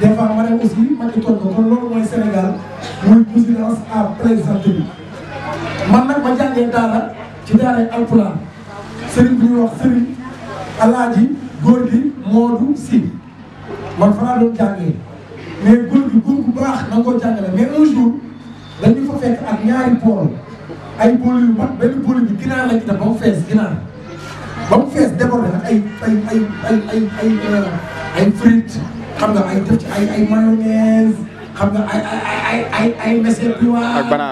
S13: des fois madame aussi Macky toog ko kon loolu mooy Sénégal muy présidence à présidente bi man nag ma jàngee daara ci daara alpulaar sëriñ bu alaaji góor gi Modou Sy man fa laa doon jàngee góor gi góor gu baax na nga koo jàngale mais un jour fa fekk ak ñaari ay bool yu mag benn bool bi ginaar la ci def fees ginaar ba fees débordé nag ay ay ay ay ay ay euh, ay frites xam nga ay def ci waa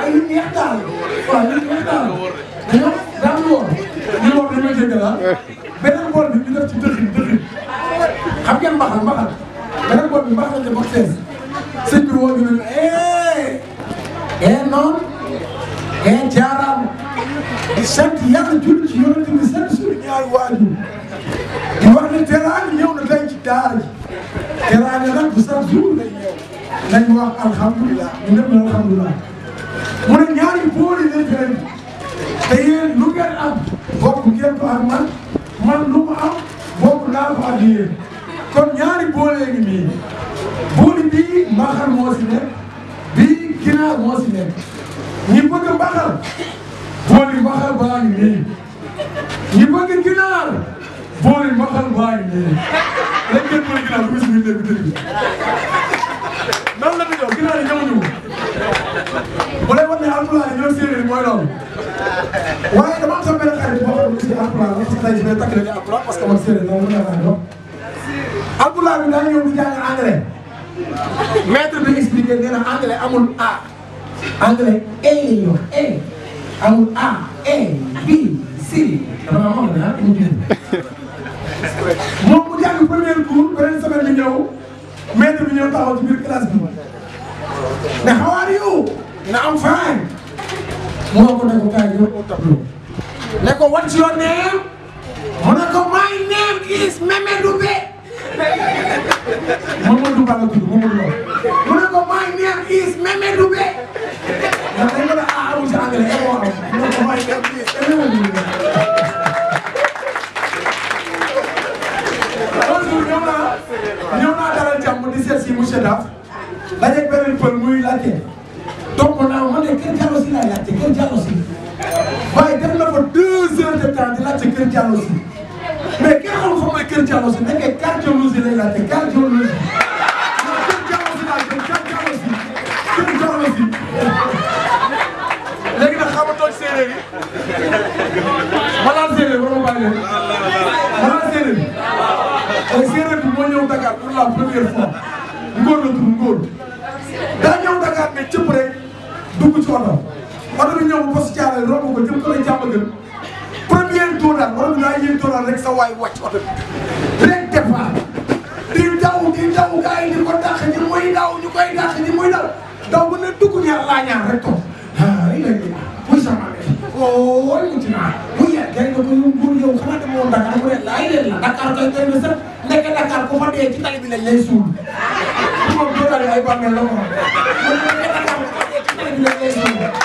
S13: ay yu neex daal waaw yu neex daal dañoo daan woor ñu beneen bool bi ñu def ci dëxin dëxin xam ngeen mbaxal mbaxal beneen bool bi mbaxal de box seize sëñ bi woo ñu ne eh eh noonu eh jaaraam di sant yàlla jul ci yonente bi sant suñu ñaari waajur di wax ne teraanga ñëw na tey ci daara ji teraanga nag bu chaque jour lay ñëw nañ wax alhamdulilah ñu dem na alhamdulilah mu ne ñaari bool lay fay te yéen lu ngeen am bokk ngeen ko ak man man lu mu am boobu laa ko addiyee kon ñaari boolee ngi nii booli bii mbaxal moo si nekk bii ginaar moo si nekk ñi bëgg mbaxal booli mbaxal baa ngi nii ñi bëgg ginaar booli mbaxal baa ngi nii léegi ngeen boole ginaar bu si biir léegi dëgg bi noonu la ñu jox ginaar yi ñëw ñu bu lay wax ne Abdoulaye ñoo séeréer mooy loolu alxuraan ñetti taalibe takk nañu alxuraan parce que man séeréer la mu neex naa doon. alxuraan bi daañu ñëw di jàng anglais maître bi expliqué nee na anglais amul A anglais A yo A amul A A B C dama xam ne ah mu bind. moom bu jàng premier cours beneen semaine bi ñëw maître bi ñëw taxaw ci biir classe bi ne how are you na am fine moo ko ne ko kaay ñëw au tableau. ne ko what's your name mu ne ko my name is Mamadou Be Mamadou Ba la tudd Mamadou Ba mu ne ko my name is Mamadou Be ndax dañ mën a ah amul si eh, mu ne ko my name is Mamadou Be un jour ñëw naa ñëw naa dalal jàmm di seet si monsieur Daf dajeeg beneen pël muy laajte donc naa ma ne kër Diallo si laay laajte kër Diallo si waaye def na fa deux heures de temps di laajte kër Diallo Sy mais kenn xamul fa mooy kër Diallo Sy nekkee cardiologie lay laajte cardiologie non kër Diallo Sy laa jëm kër Diallo Sy kër Diallo Sy léegi nag xam nga toog séeréer yi malaan séeréer war ma bàyyi leen malaan séeréer bi ay séeréer bi moo ñëw Dakar pour la première fois ngóor la tur ngóor daa ñëw Dakar ne cëpp rek dugg ci oto oto bi ñëw ba poste Thiaroye romb ko jëm ko lay jàmm gën première doodaan oto bi daa yéen doodaan rek sa waay wàcc oto bi rek départ di daw di daw gars yi di ko dàq ñi muy daw ñu koy dàq ñi muy daw daw ba ne dugg ñaar laa ñaar rek toog ah ay léegi muy sama def oo oh, wala mu ci naan muy yàgg gars yi nga koy góor yow xanaa dem woon Dakar mu ne laay leen la Dakar kay kay na sax nekk Dakar ku fa dee ci tali bi lañ lay suul moom doodaan ay bàmmeel la ko wax mu nekk Dakar ku fa dee
S8: ci tali bi lañ lay suul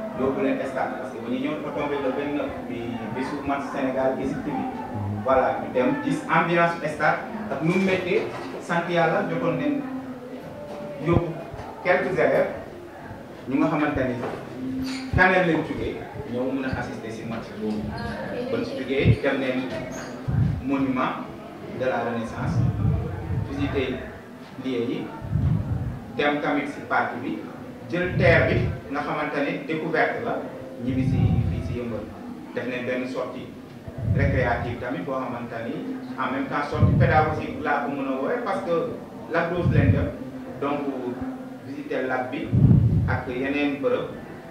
S5: yóbbu leen stade parce que ba ñu ñëw dafa tombé le 29 bi bisu match Sénégal Égypte bi voilà dem gis ambiance stade ak nu mu méttee sant yàlla jotoon nañ yóbbu quelques élèves ñu nga xamante ni tànneel lañ jugee ñoo mën a assister si match boobu ah, kon si jugee dem nañ monument de la renaissance visiter lieux yi dem tamit si parc bi. jël terre bi nga xamante ne découverte la ñu ngi si fii si yëmbal def nañ benn sortie récréative tamit boo xamante ni en même temps sortie pédagogique laa ko mën a woowee parce que Lac Rose leen def donc visiter lac bi ak yeneen bërëb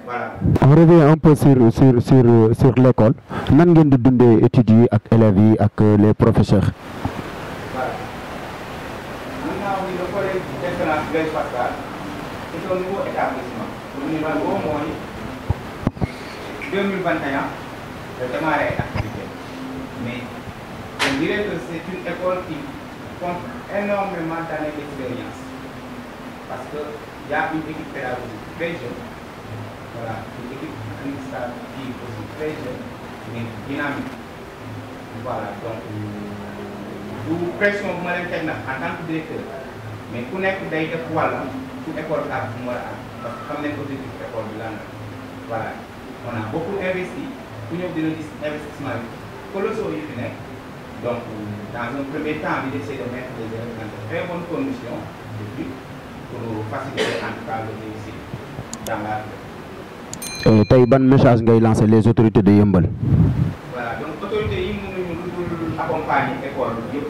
S1: voilà. on revient un peu sur sur sur sur l' école nan ngeen di dundee études ak élèves yi ak euh, les professeurs. voilà.
S5: maintenant ñu le collège d'excellence Blaise Pascal au niveau établissement bu niveau boobu mooy 2021 la démarré l'activité. mais je dirais que c'est une école qui compte énormément d'années d'expérience parce qu'il y a une équipe pédagogique très jeune voilà une équipe administrative aussi très jeune mais dynamique voilà donc nous pressions en tant que directeur mais pour nekk day def école bi ak bu mu war a am parce que xam nañ objectif école bi lan la voilà on a beaucoup investi ku ñëw dina gis investissement bi colossaux yi fi nekk donc dans un premier temps bi essayer de mettre les élèves dans de très bonnes conditions de vie pour faciliter en tout cas le réussite dans la vie.
S1: Euh, tey ban message ngay lancer les autorités de Yeumbeul.
S5: voilà donc autorités yi mënuñu lu dul accompagner école yëpp.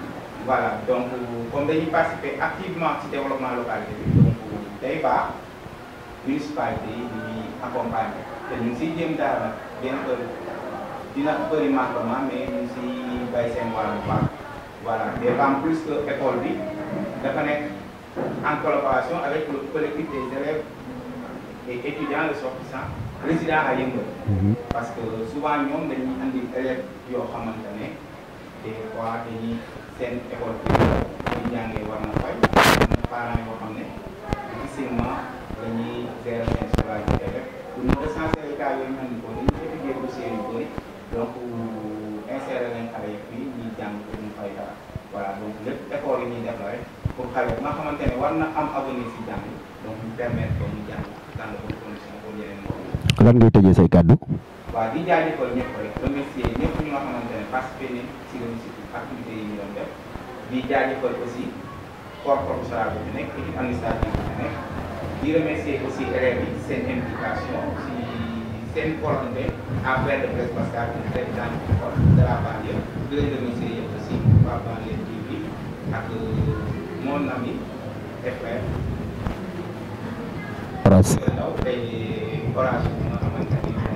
S5: voilà donc comme ils participer activement au développement local, donc day baax municipalité yi ñuy accompagner nous sommes ngi siy bien que dina bëri pas mais ñu ngi siy bay seen voilà et en plus que l'école, bi dafa en collaboration avec le collectif des élèves et étudiants ressortissants résidents à Yeumbeul mhm. parce que souvent nous dañuy des élèves qui ont commencé. des fois dañuy seen école bi ñuy jàngee war na fay parents yoo xam ne difficilement dañuy gérer seen scolarité rek pour ñu recenser cas yooyu mel ni ko dañuy étudier dossier yu bëri donc insérer leen xale yi fii ñuy jàng pour ñu fay dara voilà donc lépp effort yi ñuy def la rek pour xale bi nga xamante ne war na am avenir si jàng donc ñu permettre ko ñu jàng dans de bonnes conditions pour yeneen mbokk
S1: lan ngay tëjee say kàddu.
S5: waaw di jaajëfal ñëpp rek remercier ñëpp ñi nga xamante ne participé nañ di jaajëfal aussi corps professoral bi nekk équipe administrative bi nekk di remercier aussi élèves yi seen si seen volonté à de presse parce que ñu de la banlieue di leen remercier yëpp aussi waa banlieue TV ak
S1: euh, mon ami frère. Horace Ndaw tey Horace bi nga xamante ni moom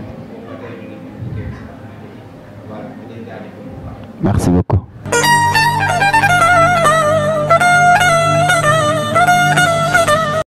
S7: merci beaucoup.